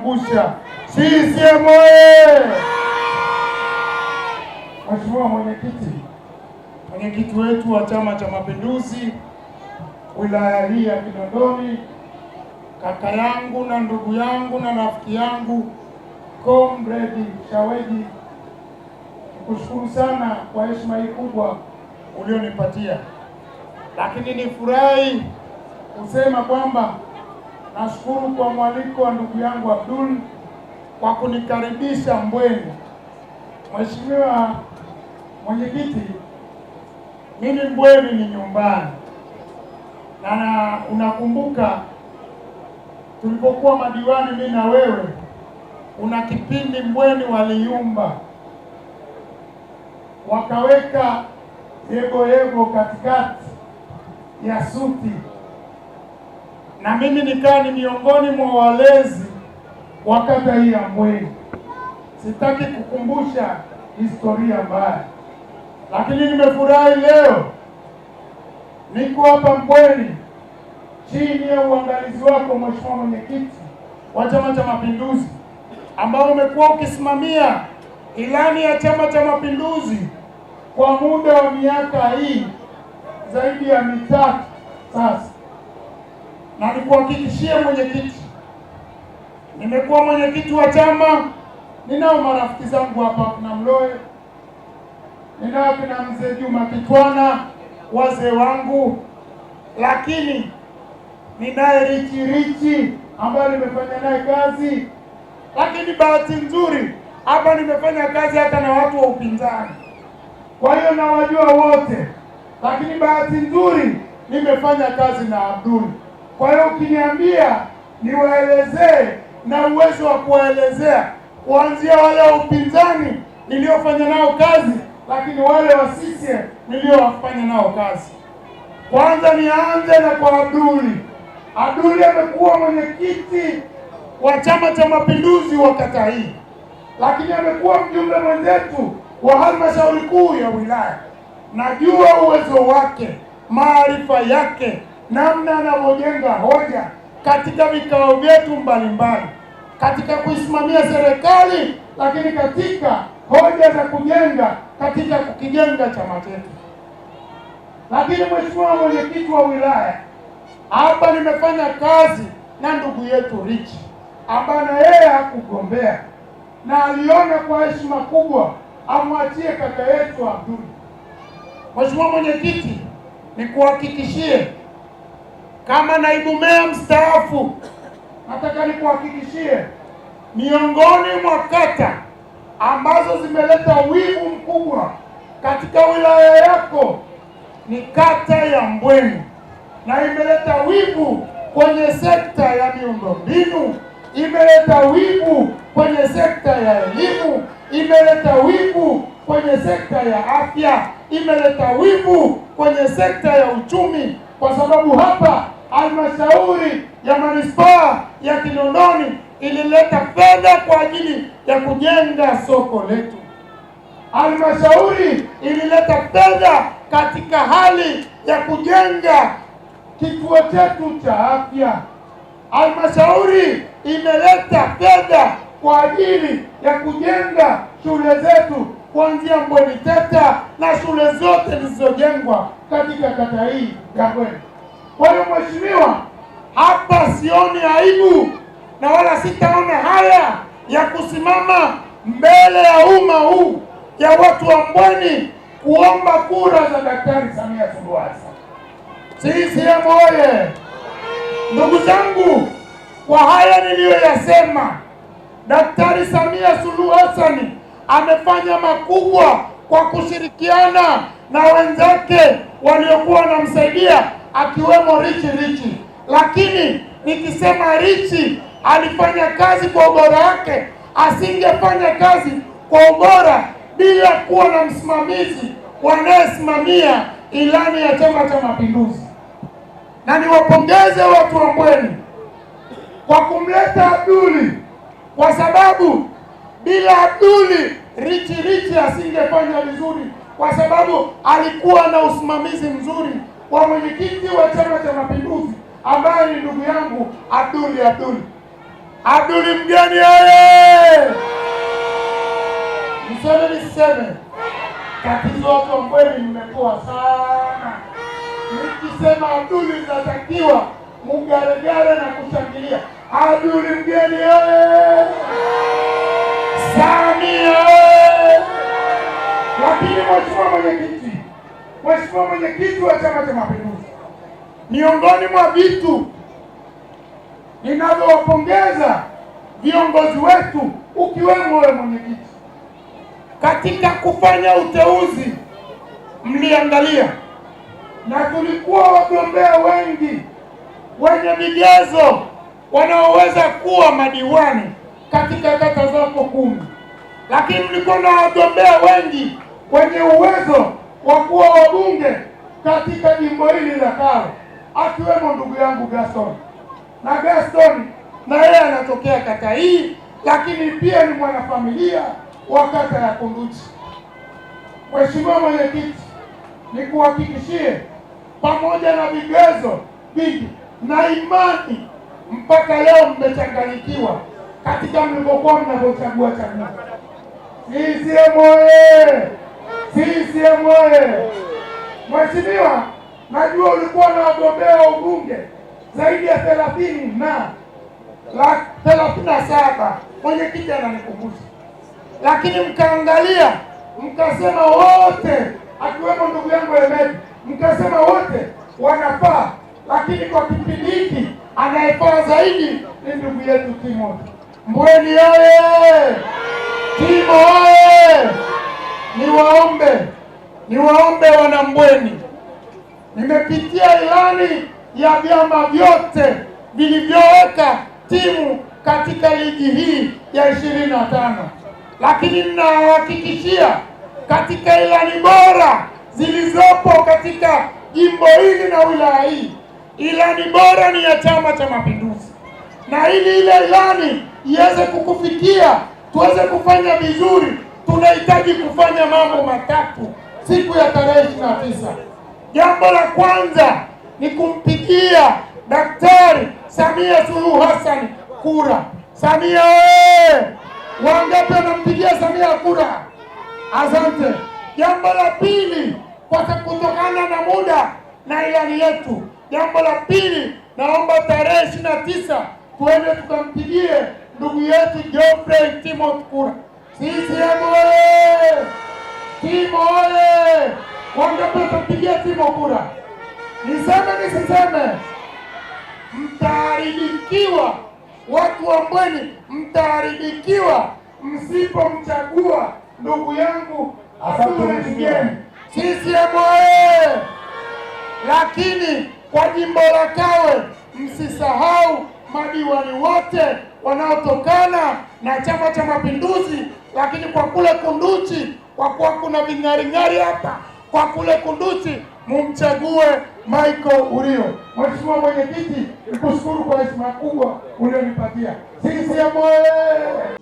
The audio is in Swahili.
kuiangusha CCM oye! Mheshimiwa mwenyekiti, mwenyekiti wetu wa Chama cha Mapinduzi wilaya hii ya Kinondoni, kaka yangu na ndugu yangu na rafiki yangu Comrade shaweji nikushukuru sana kwa heshima hii kubwa ulionipatia, lakini nifurahi kusema kwamba Nashukuru kwa mwaliko wa ndugu yangu Abdul kwa kunikaribisha Mbweni. Mheshimiwa Mwenyekiti, mimi Mbweni ni nyumbani, na unakumbuka tulipokuwa madiwani, mimi na wewe, kuna kipindi Mbweni waliumba wakaweka yego yego katikati ya suti na mimi nikaa ni miongoni mwa walezi wa kata hii ya Mbweni. Sitaki kukumbusha historia mbaya, lakini nimefurahi leo niko hapa Mbweni chini ya uangalizi wako Mheshimiwa Mwenyekiti wa Chama cha Mapinduzi, ambao umekuwa ukisimamia ilani ya Chama cha Mapinduzi kwa muda wa miaka hii zaidi ya mitatu sasa na nikuhakikishie mwenyekiti, nimekuwa mwenyekiti wa chama, ninao marafiki zangu hapa, kuna Mloe, ninao kina mzee Juma Kitwana, wazee wangu, lakini ninaye Richi Richi ambayo nimefanya naye kazi, lakini bahati nzuri hapa nimefanya kazi hata na watu wa upinzani, kwa hiyo nawajua wote, lakini bahati nzuri nimefanya kazi na Abduli. Kwa hiyo ukiniambia niwaelezee na uwezo wa kuwaelezea kuanzia wale wa upinzani niliofanya nao kazi, lakini wale wa sisi niliowafanya nao kazi. Kwanza nianze na kwa Abduli. Abduli amekuwa mwenyekiti wa Chama cha Mapinduzi wa kata hii, lakini amekuwa mjumbe mwenzetu wa halmashauri kuu ya wilaya. Najua uwezo wake, maarifa yake namna anavyojenga hoja katika vikao vyetu mbalimbali, katika kuisimamia serikali, lakini katika hoja za kujenga katika kukijenga chama chetu. Lakini mheshimiwa mwenyekiti wa wilaya, hapa nimefanya kazi na ndugu yetu Richi ambaye na yeye hakugombea na aliona kwa heshima kubwa amwachie kaka yetu Abduli. Mheshimiwa mwenyekiti, nikuhakikishie kama naibu meya mstaafu, nataka nikuhakikishie, miongoni mwa kata ambazo zimeleta wivu mkubwa katika wilaya yako ni kata ya Mbweni, na imeleta wivu kwenye sekta ya miundombinu, imeleta wivu kwenye sekta ya elimu, imeleta wivu kwenye sekta ya afya, imeleta wivu kwenye sekta ya uchumi kwa sababu hapa halmashauri ya manispaa ya Kinondoni ilileta fedha kwa ajili ya kujenga soko letu. Halmashauri ilileta fedha katika hali ya kujenga kituo chetu cha afya. Halmashauri imeleta fedha kwa ajili ya kujenga shule zetu kuanzia Mbweni Teta na shule zote zilizojengwa katika kata hii ya Mbweni. Kwa hiyo mheshimiwa, hapa sioni aibu na wala sitaona haya ya kusimama mbele ya umma huu ya watu wa Mbweni kuomba kura za Daktari Samia Suluhu Hassan. CCM oye! Ndugu zangu, kwa haya niliyoyasema, Daktari Samia Suluhu Hassan amefanya makubwa kwa kushirikiana na wenzake waliokuwa wanamsaidia akiwemo Richi Richi. Lakini nikisema Richi alifanya kazi kwa ubora wake, asingefanya kazi kwa ubora bila kuwa na msimamizi wanayesimamia ilani ya Chama cha Mapinduzi. Na niwapongeze watu wa Mbweni kwa kumleta Abduli kwa sababu bila Abduli Richi Richi asingefanya vizuri, kwa sababu alikuwa na usimamizi mzuri wa mwenyekiti wa Chama cha Mapinduzi ambaye ni ndugu yangu Abduli Abduli Abduli Mgeni. Aye, niseme nisiseme, tatizo wako kweli nimekuwa sana. Nikisema Abduli natakiwa mugaregare na kushangilia. Abduli Mgeni aye Samia. Lakini mheshimiwa mwenyekiti, mheshimiwa mwenyekiti wa Chama cha Mapinduzi, miongoni mwa vitu ninavyowapongeza viongozi wetu ukiwemo wewe mwenyekiti, katika kufanya uteuzi mliangalia, na tulikuwa wagombea wengi wenye vigezo wanaoweza kuwa madiwani katika kata zako kumi, lakini mlikuwa na wagombea wengi wenye uwezo wa kuwa wabunge katika jimbo hili la Kawe, akiwemo ndugu yangu Gaston na Gaston na yeye anatokea kata hii, lakini pia ni mwanafamilia wa kata ya Kunduchi. Mheshimiwa Mwenyekiti, nikuhakikishie pamoja na vigezo vingi na imani, mpaka leo mmechanganyikiwa katika mlivyokuwa mnavyochagua chagua. CCM oye! CCM oye! Mheshimiwa, najua ulikuwa na wagombea wa ubunge zaidi ya thelathini na thelathini na saba mwenyekiti ananikumbusha, lakini mkaangalia mkasema wote, akiwemo ndugu yangu Emedi, mkasema wote wanafaa, lakini kwa kipindi hiki anayefaa zaidi ni ndugu yetu Timothy. Mbweni oye! Kimo oye! Niwaombe, niwaombe wana Mbweni, nimepitia ilani ya vyama vyote vilivyoweka timu katika ligi hii ya ishirini na tano, lakini ninawahakikishia katika ilani bora zilizopo katika jimbo hili na wilaya hii, ilani bora ni ya Chama cha Mapinduzi na ili ile ilani iweze kukufikia, tuweze kufanya vizuri. Tunahitaji kufanya mambo matatu siku ya tarehe ishirini na tisa. Jambo la kwanza ni kumpigia Daktari Samia Suluhu Hassan kura. Samia oye! Wangapi wanampigia Samia kura? Asante. Jambo la pili, kwa kutokana na muda na ilani yetu, jambo la pili, naomba tarehe ishirini na tisa tuende tukampigie ndugu yetu Geoffrey Timothy Kura. Sisi oye! Timo oye! Wangepetupigia Timo kura. Niseme nisiseme, mtaharibikiwa watu wa Mbweni, mtaharibikiwa msipomchagua ndugu yangu Kithure Kigeme. CCM oye! Lakini kwa jimbo la Kawe msisahau madiwani wote wanaotokana na Chama cha Mapinduzi, lakini kwa kule Kunduchi, kwa kuwa kuna ving'aring'ari hapa kwa kule Kunduchi, mumchague Michael Urio. Mheshimiwa Mwenyekiti, nikushukuru kwa heshima kubwa ulionipatia. ya oyee!